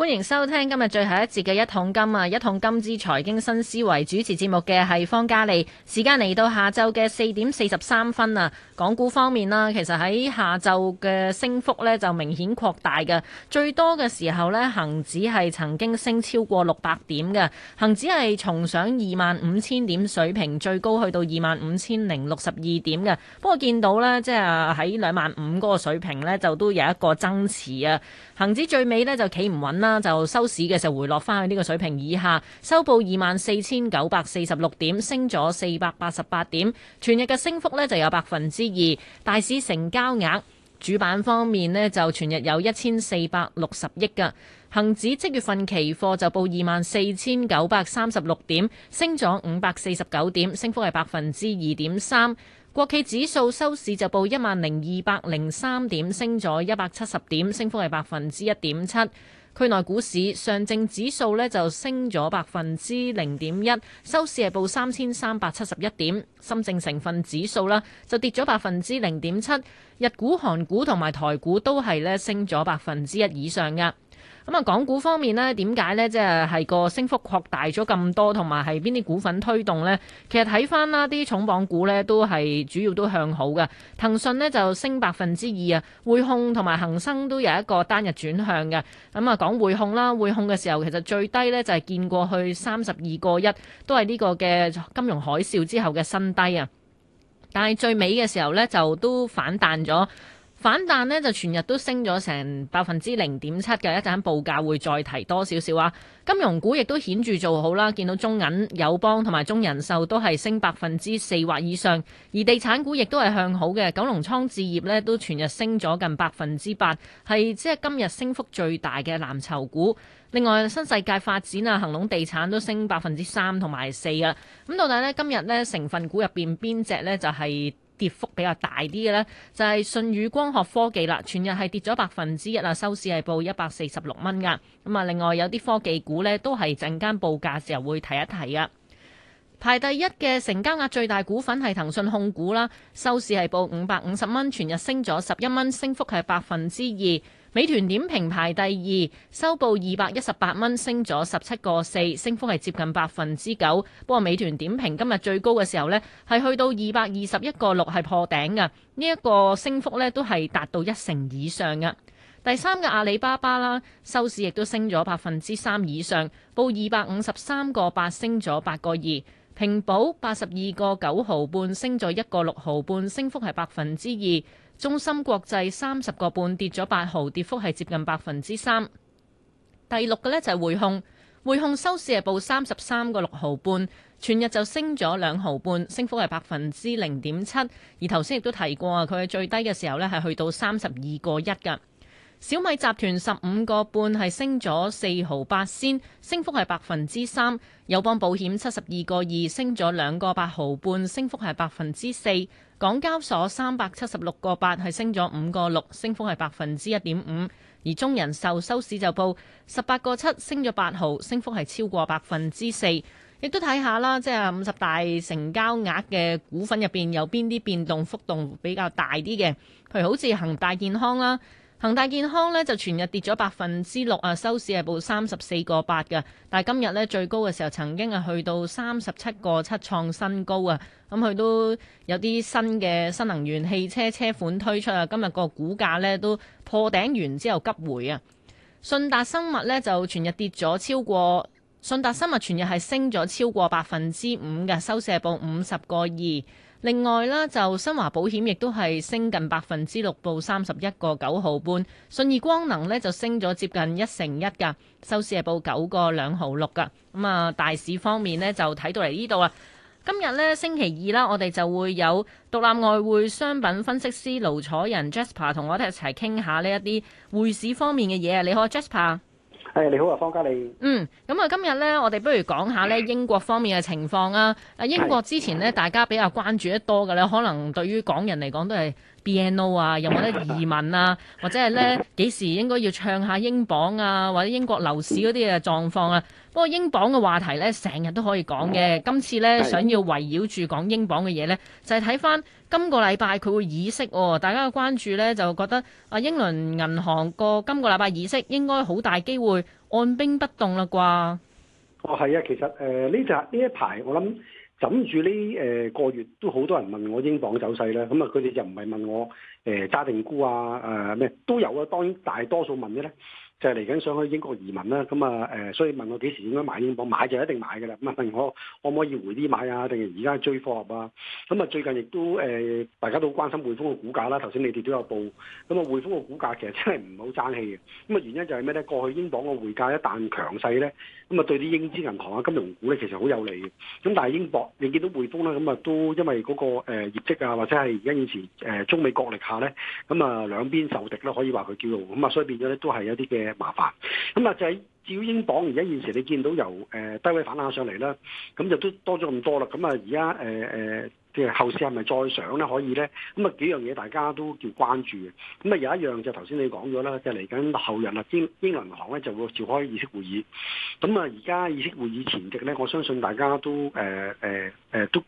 歡迎收聽今日最後一節嘅一桶金啊！一桶金之財經新思維，主持節目嘅係方嘉利。時間嚟到下晝嘅四點四十三分啊！港股方面啦，其實喺下晝嘅升幅呢就明顯擴大嘅。最多嘅時候呢，恒指係曾經升超過六百點嘅，恒指係重上二萬五千點水平，最高去到二萬五千零六十二點嘅。不過見到呢，即係喺兩萬五嗰個水平呢，就都有一個爭持啊。恒指最尾呢就企唔穩啦。就收市嘅時候就回落翻去呢個水平以下，收報二萬四千九百四十六點，升咗四百八十八點，全日嘅升幅呢就有百分之二。大市成交額主板方面呢就全日有一千四百六十億噶，恒指即月份期貨就報二萬四千九百三十六點，升咗五百四十九點，升幅係百分之二點三。國企指數收市就報一萬零二百零三點，升咗一百七十點，升幅係百分之一點七。區內股市上證指數呢就升咗百分之零點一，收市係報三千三百七十一點。深證成分指數啦就跌咗百分之零點七，日股、韓股同埋台股都係咧升咗百分之一以上㗎。咁啊，港股方面呢，點解呢？即係係個升幅擴大咗咁多，同埋係邊啲股份推動呢？其實睇翻啦，啲重磅股呢都係主要都向好嘅。騰訊呢就升百分之二啊，匯控同埋恒生都有一個單日轉向嘅。咁啊，講匯控啦，匯控嘅時候其實最低呢就係見過去三十二個一，都係呢個嘅金融海嘯之後嘅新低啊。但係最尾嘅時候呢，就都反彈咗。反彈呢就全日都升咗成百分之零點七嘅，一陣間報價會再提多少少啊！金融股亦都顯著做好啦，見到中銀、友邦同埋中人壽都係升百分之四或以上，而地產股亦都係向好嘅。九龍倉置業呢都全日升咗近百分之八，係即係今日升幅最大嘅藍籌股。另外新世界發展啊、恒隆地產都升百分之三同埋四啊。咁到底呢？今日呢成分股入邊邊隻呢？就係、是？跌幅比較大啲嘅呢，就係、是、信宇光學科技啦，全日係跌咗百分之一啊，收市係報一百四十六蚊噶。咁啊，另外有啲科技股呢，都係陣間報價時候會提一提㗎。排第一嘅成交額最大股份係騰訊控股啦，收市係報五百五十蚊，全日升咗十一蚊，升幅係百分之二。美團點評排第二，收報二百一十八蚊，升咗十七個四，升幅係接近百分之九。不過美團點評今日最高嘅時候呢，係去到二百二十一個六，係破頂嘅。呢、這、一個升幅呢，都係達到一成以上嘅。第三嘅阿里巴巴啦，收市亦都升咗百分之三以上，報二百五十三個八，升咗八個二，平保八十二個九毫半，升咗一個六毫半，升幅係百分之二。中芯國際三十個半跌咗八毫，跌幅係接近百分之三。第六個呢就係、是、匯控，匯控收市係報三十三個六毫半，全日就升咗兩毫半，升幅係百分之零點七。而頭先亦都提過啊，佢係最低嘅時候呢係去到三十二個一㗎。小米集團十五個半係升咗四毫八仙，升幅係百分之三。友邦保險七十二個二升咗兩個八毫半，升幅係百分之四。港交所三百七十六個八係升咗五個六，升幅係百分之一點五。而中人壽收市就報十八個七，7，升咗八毫，升幅係超過百分之四。亦都睇下啦，即係五十大成交額嘅股份入邊有邊啲變動幅度比較大啲嘅，譬如好似恒大健康啦。恒大健康咧就全日跌咗百分之六啊，收市係報三十四個八嘅，但係今日咧最高嘅時候曾經係去到三十七個七創新高啊，咁、嗯、佢都有啲新嘅新能源汽車車款推出啊，今日個股價咧都破頂完之後急回啊，信達生物咧就全日跌咗超過。信達生物全日係升咗超過百分之五嘅，收市係報五十個二。另外咧就新華保險亦都係升近百分之六，報三十一個九毫半。信義光能呢就升咗接近一成一㗎，收市係報九個兩毫六㗎。咁啊、嗯，大市方面呢就睇到嚟呢度啊。今日呢星期二啦，我哋就會有獨立外匯商品分析師盧楚仁 Jasper 同我哋一齊傾下呢一啲匯市方面嘅嘢啊。你好，Jasper。Jas 誒，你好啊，方嘉利。嗯，咁啊，今日咧，我哋不如講下咧英國方面嘅情況啊。誒，英國之前咧，大家比較關注得多嘅咧，可能對於港人嚟講都係 BNO 啊，有冇得移民啊， 或者係咧幾時應該要唱下英鎊啊，或者英國樓市嗰啲嘅狀況啊。不過英鎊嘅話題咧，成日都可以講嘅。今次咧，想要圍繞住講英鎊嘅嘢咧，就係睇返。今個禮拜佢會議息、哦，大家嘅關注呢，就覺得啊，英倫銀行個今個禮拜議息應該好大機會按兵不動啦啩。哦，係啊，其實誒呢、呃、集呢一排我諗枕住呢誒個月都好多人問我英鎊走勢咧，咁啊佢哋就唔係問我誒揸、呃、定沽啊誒咩、呃、都有啊，當然大多數問嘅呢。就係嚟緊想去英國移民啦，咁啊誒，所以問我幾時應該買英鎊，買就一定買嘅啦。咁啊問我可唔可以回啲買啊？定係而家追貨啊？咁啊最近亦都誒、呃，大家都好關心匯豐嘅股價啦。頭先你哋都有報，咁啊匯豐嘅股價其實真係唔好爭氣嘅。咁啊原因就係咩咧？過去英鎊嘅匯價一旦強勢咧，咁啊對啲英資銀行啊、金融股咧，其實好有利嘅。咁但係英鎊，你見到匯豐啦，咁啊都因為嗰個誒業績啊，或者係而家以前誒中美角力下咧，咁啊兩邊受敵啦，可以話佢叫咁啊，所以變咗咧都係有啲嘅。麻煩，咁啊就係至於英鎊，而家現時你見到由誒低位反彈上嚟啦，咁就都多咗咁多啦，咁啊而家誒誒，即、呃、係後市係咪再上咧？可以咧，咁啊幾樣嘢大家都叫關注嘅，咁啊有一樣就頭先你講咗啦，就嚟、是、緊後日啦，英英銀行咧就會召開議息會議，咁啊而家議息會議前夕咧，我相信大家都誒誒誒都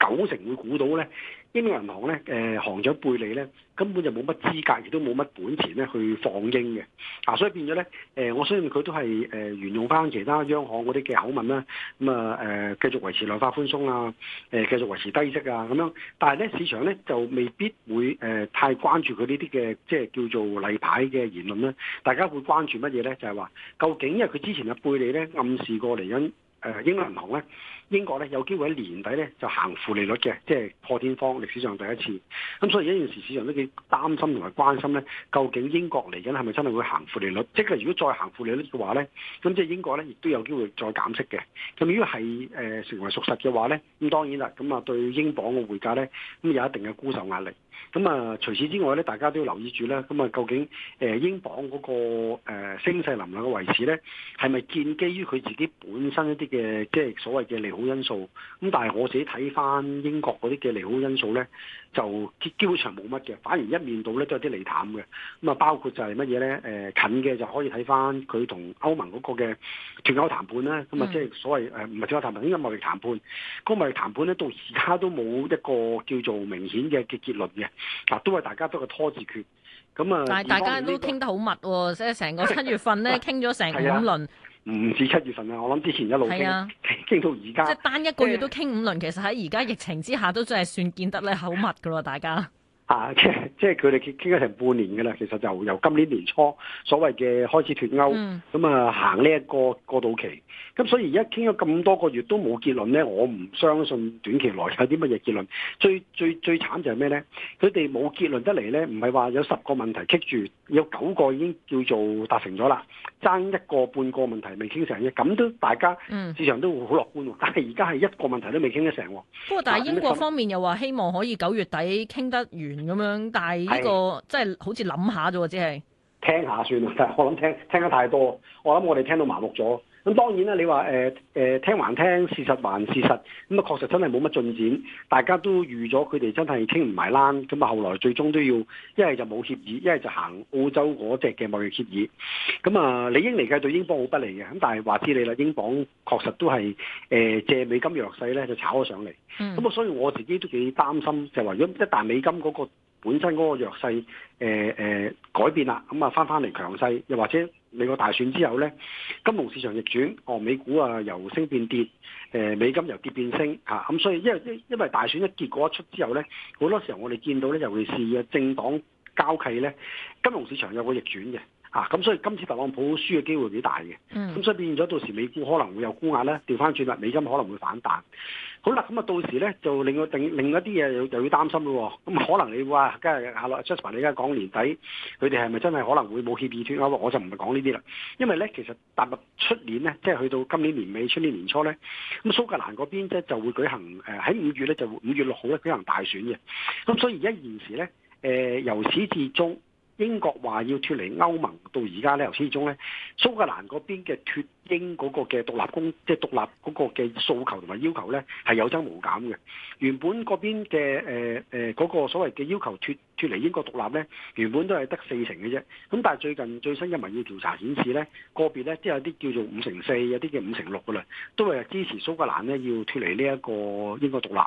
九成會估到咧。英倫銀行咧，誒行長貝利咧，根本就冇乜資格，亦都冇乜本錢咧，去放鷹嘅，啊，所以變咗咧，誒、呃，我相信佢都係誒沿用翻其他央行嗰啲嘅口吻啦，咁啊誒繼續維持量化寬鬆啊，誒、呃、繼續維持低息啊，咁樣，但係咧，市場咧就未必會誒、呃、太關注佢呢啲嘅，即係叫做例牌嘅言論啦，大家會關注乜嘢咧？就係、是、話，究竟因為佢之前嘅貝利咧暗示過嚟緊。誒英國銀行咧，英國咧有機會喺年底咧就行負利率嘅，即係破天荒歷史上第一次。咁所以有一件事市場都幾擔心同埋關心咧，究竟英國嚟緊係咪真係會行負利率？即係如果再行負利率嘅話咧，咁即係英國咧亦都有機會再減息嘅。咁如果係誒、呃、成為屬實嘅話咧，咁當然啦，咁啊對英鎊嘅匯價咧，咁有一定嘅沽售壓力。咁啊，除此之外咧，大家都要留意住咧。咁啊，究竟誒、呃、英鎊嗰、那個誒升勢能嘅維持咧？係咪建基於佢自己本身一啲嘅即係所謂嘅利好因素？咁但係我自己睇翻英國嗰啲嘅利好因素咧。就基本上冇乜嘅，反而一面倒咧都有啲利淡嘅。咁啊，包括就係乜嘢咧？誒近嘅就可以睇翻佢同歐盟嗰個嘅脫歐談判啦。咁啊，即係所謂誒唔係脫歐談判，應該係貿易談判。個貿易談判咧到而家都冇一個叫做明顯嘅嘅結論嘅。嗱，都係大、啊、大家都係拖字訣。咁啊，但係大家都傾得好密喎，即成個七月份咧傾咗成五輪。唔止七月份啊！我諗之前一路傾傾到而家，即係，單一個月都傾五輪，呃、其實喺而家疫情之下都真係算見得咧好密噶咯，大家。啊！即係佢哋傾傾咗成半年㗎啦，其實就由今年年初所謂嘅開始脱歐，咁啊、嗯、行呢一個過渡期。咁所以而家傾咗咁多個月都冇結論呢，我唔相信短期內有啲乜嘢結論。最最最慘就係咩呢？佢哋冇結論得嚟呢，唔係話有十個問題棘住，有九個已經叫做達成咗啦，爭一個半個問題未傾成嘅，咁都大家市場都會好樂觀喎。但係而家係一個問題都未傾得成喎。不過、嗯、但係英國方面又話希望可以九月底傾得完。咁樣，但係呢、這個是真係好似諗下啫，只係聽下算啦。我諗聽聽得太多，我諗我哋聽到麻木咗。咁當然啦，你話誒、誒聽還聽，事實還事實，咁、嗯、啊確實真係冇乜進展，大家都預咗佢哋真係傾唔埋欄，咁、嗯、啊後來最終都要一係就冇協議，一係就行澳洲嗰隻嘅貿易協議，咁、嗯、啊理應嚟計對英鎊好不利嘅，咁但係話知你啦，英鎊確實都係誒、呃、借美金弱勢咧就炒咗上嚟，咁、嗯、啊、嗯、所以我自己都幾擔心，就係、是、話如果一旦美金嗰、那個本身嗰個弱勢，誒、呃、誒、呃、改變啦，咁啊翻翻嚟強勢，又或者美國大選之後咧，金融市場逆轉，哦，美股啊由升變跌，誒、呃、美金由跌變升，嚇、啊、咁所以因為因為大選一結果一出之後咧，好多時候我哋見到咧，尤其是嘅政黨交替咧，金融市場有個逆轉嘅。啊，咁所以今次特朗普輸嘅機會幾大嘅，咁、嗯、所以變咗到時美股可能會有沽壓咧，調翻轉啦美金可能會反彈。好啦，咁啊到時咧就令到另另、另一啲嘢又要擔心咯、哦。咁可能你話，梗係阿 Joshua 你而家講年底，佢哋係咪真係可能會冇協議脫歐？我就唔係講呢啲啦。因為咧，其實大物出年咧，即係去到今年年尾、出年年初咧，咁蘇格蘭嗰邊咧就會舉行誒喺五月咧就五月六號咧舉行大選嘅。咁所以而家現時咧，誒、呃、由始至終。英國話要脱離歐盟，到而家呢，由始至終呢，蘇格蘭嗰邊嘅脱。英嗰嘅獨立公，即係獨立嗰個嘅訴求同埋要求呢，係有增無減嘅。原本嗰邊嘅誒誒嗰個所謂嘅要求脱脱離英國獨立呢，原本都係得四成嘅啫。咁但係最近最新嘅民意調查顯示呢，個別呢即係有啲叫做五成四，有啲叫五成六嘅嘞，都係支持蘇格蘭呢要脱離呢一個英國獨立。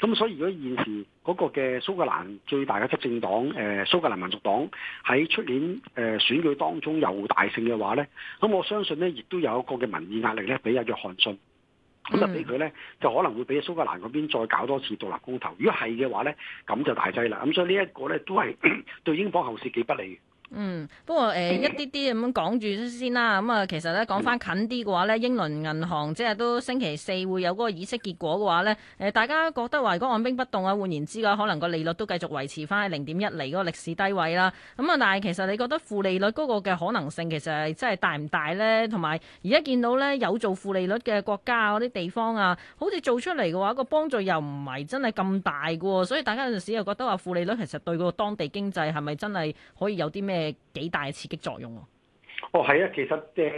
咁所以如果現時嗰個嘅蘇格蘭最大嘅執政黨誒、呃、蘇格蘭民族黨喺出年誒、呃、選舉當中又大勝嘅話呢，咁我相信呢亦都有。有個嘅民意壓力咧，俾阿約翰遜咁就俾佢咧，就、嗯、可能會俾蘇格蘭嗰邊再搞多次獨立公投。如果係嘅話咧，咁就大劑啦。咁所以呢一個咧，都係 對英國後市幾不利。嗯，不過誒、呃，一啲啲咁樣講住先啦。咁、嗯、啊，其實咧講翻近啲嘅話咧，英倫銀行即係都星期四會有嗰個議息結果嘅話咧，誒、呃，大家覺得話如果按兵不動啊，換言之嘅話，可能個利率都繼續維持翻喺零點一厘嗰個歷史低位啦。咁、嗯、啊，但係其實你覺得負利率嗰個嘅可能性其實係真係大唔大咧？同埋而家見到咧有做負利率嘅國家嗰啲地方啊，好似做出嚟嘅話，個幫助又唔係真係咁大噶，所以大家有陣時又覺得話負利率其實對個當地經濟係咪真係可以有啲咩？誒，幾大刺激作用？哦，係啊，其實誒、呃，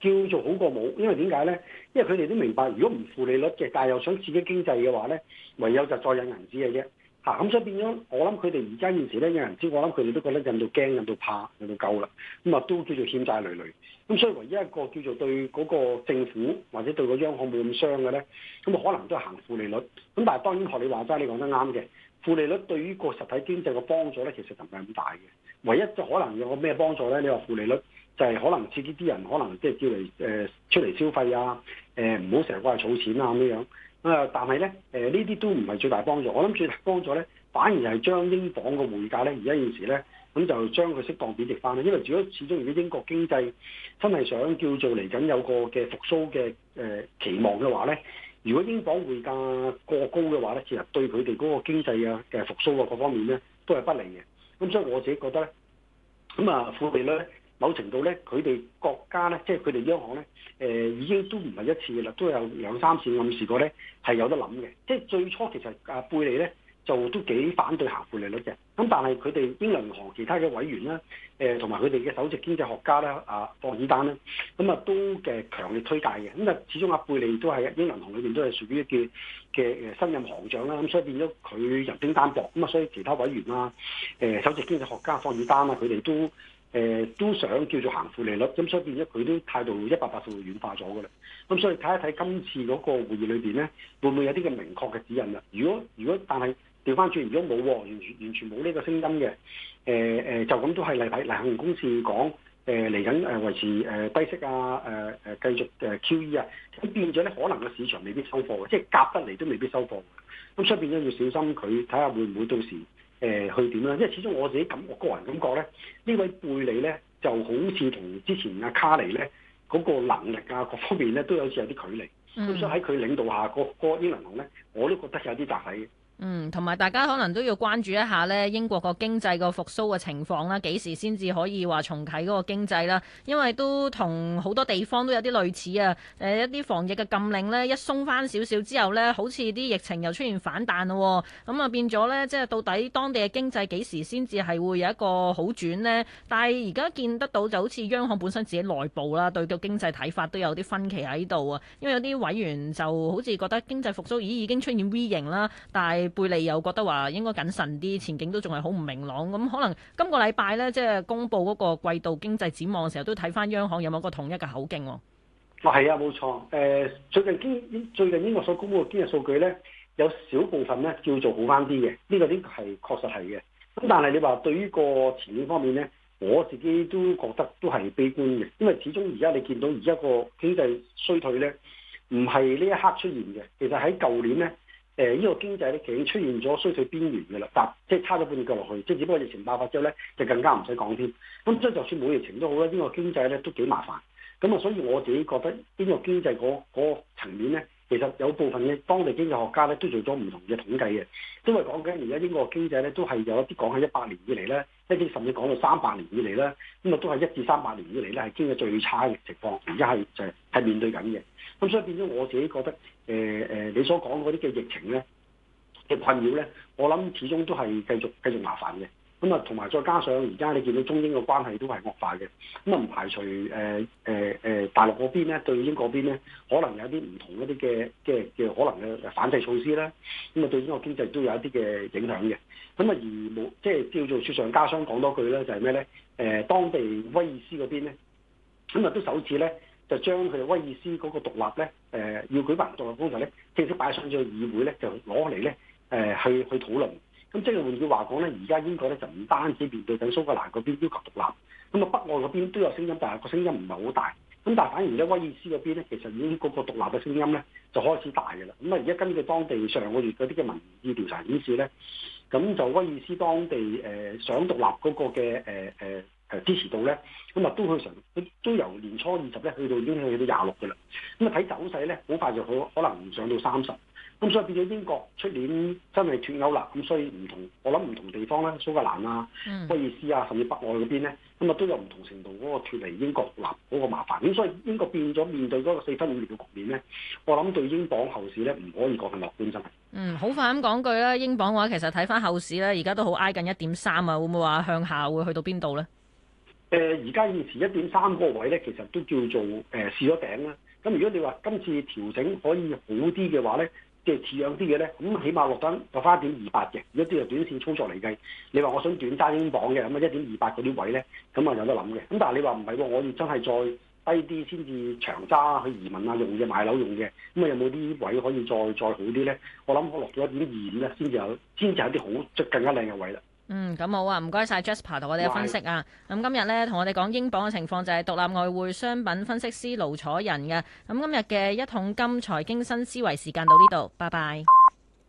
叫做好過冇，因為點解咧？因為佢哋都明白，如果唔負利率嘅，但係又想刺激經濟嘅話咧，唯有就再印銀紙嘅啫。吓、啊，咁所以變咗，我諗佢哋而家現時咧印銀紙，我諗佢哋都覺得印到驚、印到怕、印到夠啦。咁啊、嗯，都叫做欠債累累。咁、嗯、所以唯一一個叫做對嗰個政府或者對個央行冇咁傷嘅咧，咁、嗯、啊可能都係行負利率。咁、嗯、但係當然學你話齋，你講得啱嘅，負利率對於個實體經濟嘅幫助咧，其實就唔係咁大嘅。唯一就可能有個咩幫助咧？你話負利率就係可能刺激啲人，可能即係叫嚟誒、呃、出嚟消費啊！誒唔好成日掛係儲錢啊咁樣。咁、呃、啊，但係咧誒呢啲、呃、都唔係最大幫助。我諗最大幫助咧，反而係將英鎊個匯價咧，而家現時咧咁、嗯、就將佢適當貶值翻啦。因為如果始終如果英國經濟真係想叫做嚟緊有個嘅復甦嘅誒期望嘅話咧，如果英鎊匯價過高嘅話咧，其實對佢哋嗰個經濟啊嘅復甦啊各方面咧都係不利嘅。咁所以我自己覺得咧，咁啊負利率咧，某程度咧，佢哋國家咧，即係佢哋央行咧，誒、呃、已經都唔係一次嘅啦，都有兩三次暗示過咧係有得諗嘅。即係最初其實啊，貝利咧就都幾反對行負利率嘅。咁但係佢哋英銀行其他嘅委員咧，誒同埋佢哋嘅首席經濟學家咧，啊霍爾丹咧，咁、嗯、啊都嘅、呃、強烈推介嘅。咁啊，始終阿貝利都係英銀行裏邊都係屬於嘅嘅誒新任行長啦。咁、嗯、所以變咗佢人丁單薄。咁、嗯、啊，所以其他委員啦、啊，誒、呃、首席經濟學家霍爾丹啊，佢哋都誒、呃、都想叫做行負利率。咁、嗯、所以變咗佢都態度一百八十度軟化咗㗎啦。咁、嗯、所以睇一睇今次嗰個會議裏邊咧，會唔會有啲嘅明確嘅指引啊？如果如果但係。調翻轉，如果冇完全完全冇呢個聲音嘅，誒、呃、誒、呃、就咁都係例牌。嗱，行公司講誒嚟緊誒維持誒低息啊，誒、呃、誒繼續誒 QE 啊，咁變咗咧，可能個市場未必收貨嘅，即係夾得嚟都未必收貨。咁出邊咧要小心佢睇下會唔會到時誒、呃、去點啦。因為始終我自己感，我個人感覺咧，呢位貝利咧就好似同之前阿卡尼咧嗰個能力啊各、那個、方面咧都有似有啲距離。咁、嗯、所以喺佢領導下個、那個英倫行咧，我都覺得有啲窒喺。嗯，同埋大家可能都要關注一下呢英國個經濟個復甦嘅情況啦，幾時先至可以話重啓嗰個經濟啦？因為都同好多地方都有啲類似啊。誒、呃、一啲防疫嘅禁令呢，一鬆翻少少之後呢，好似啲疫情又出現反彈咯、哦。咁、嗯、啊變咗呢，即係到底當地嘅經濟幾時先至係會有一個好轉呢？但係而家見得到就好似央行本身自己內部啦，對個經濟睇法都有啲分歧喺度啊。因為有啲委員就好似覺得經濟復甦咦已經出現 V 型啦，但係貝利又覺得話應該謹慎啲，前景都仲係好唔明朗。咁可能今個禮拜咧，即係公布嗰個季度經濟展望嘅時候，都睇翻央行有冇一個統一嘅口徑喎。係啊，冇錯。誒、呃，最近經最近英國所公布嘅經濟數據咧，有少部分咧叫做好翻啲嘅。呢、呢個呢係確實係嘅。咁但係你話對於呢個前景方面咧，我自己都覺得都係悲觀嘅，因為始終而家你見到而家個經濟衰退咧，唔係呢一刻出現嘅。其實喺舊年咧。誒，呢個經濟咧，其實已經出現咗衰退邊緣嘅啦，但即係差咗半個落去，即係只不過疫情爆發之後咧，就更加唔使講添。咁即係就算冇疫情都好啦，呢個經濟咧都幾麻煩。咁啊，所以我自己覺得呢個經濟嗰嗰個層面咧。其實有部分嘅當地經濟學家咧，都做咗唔同嘅統計嘅，因為講緊而家英國經濟咧，都係有一啲講喺一百年以嚟咧，一啲甚至講到三百年以嚟咧，咁啊都係一至三百年以嚟咧係經濟最差嘅情況，而家係就係、係、係面對緊嘅，咁所以變咗我自己覺得，誒、呃、誒，你所講嗰啲嘅疫情咧嘅困擾咧，我諗始終都係繼續繼續麻煩嘅。咁啊，同埋再加上而家你見到中英嘅關係都係惡化嘅，咁啊唔排除誒誒誒大陸嗰邊咧對英國嗰邊咧，可能有啲唔同一啲嘅嘅嘅可能嘅反制措施啦，咁啊對英國經濟都有一啲嘅影響嘅。咁啊而冇即係叫做雪上加霜講多句咧，就係咩咧？誒、呃、當地威爾斯嗰邊咧，咁啊都首次咧就將佢哋威爾斯嗰個獨立咧誒、呃、要舉辦獨立公投咧，正式擺上咗議會咧，就攞嚟咧誒去去，去討論。咁即係換句話講咧，而家英國咧就唔單止面對緊蘇格蘭嗰邊要求獨立，咁啊北愛嗰邊都有聲音，但係個聲音唔係好大。咁但係反而咧威爾斯嗰邊咧，其實已經嗰個獨立嘅聲音咧就開始大嘅啦。咁啊而家根據當地上個月嗰啲嘅民意調查顯示咧，咁就威爾斯當地誒、呃、想獨立嗰個嘅誒誒誒支持度咧，咁啊都去上，都由年初二十咧去到已經去到廿六㗎啦。咁啊睇走勢咧，好快就可可能上到三十。咁所以變咗英國出年真係脫歐啦，咁所以唔同我諗唔同地方咧，蘇格蘭啊、威爾、嗯、斯啊，甚至北愛嗰邊咧，咁啊都有唔同程度嗰個脫離英國嗱，嗰個麻煩，咁所以英國變咗面對嗰個四分五裂嘅局面咧，我諗對英鎊後市咧唔可以過分樂觀真係。嗯，好快咁講句啦，英鎊嘅話其實睇翻後市咧，而家都好挨近一點三啊，會唔會話向下會去到邊度咧？誒，而家現時一點三個位咧，其實都叫做誒、呃、試咗頂啦。咁如果你話今次調整可以好啲嘅話咧，即係似樣啲嘢咧，咁起碼落得落翻一點二八嘅。如果啲係短線操作嚟計，你話我想短揸英鎊嘅，咁啊一點二八嗰啲位咧，咁啊有得諗嘅。咁但係你話唔係喎，我要真係再低啲先至長揸去移民啊，用嘅買樓用嘅，咁啊有冇啲位可以再再好啲咧？我諗我落咗一點二五咧，先至有，先至有啲好即更加靚嘅位啦。嗯，咁好啊，唔該晒 Jasper 同我哋嘅分析啊。咁、嗯、今日咧同我哋講英鎊嘅情況就係獨立外匯商品分析師盧楚仁嘅。咁、嗯、今日嘅一桶金財經新思維時間到呢度，拜拜。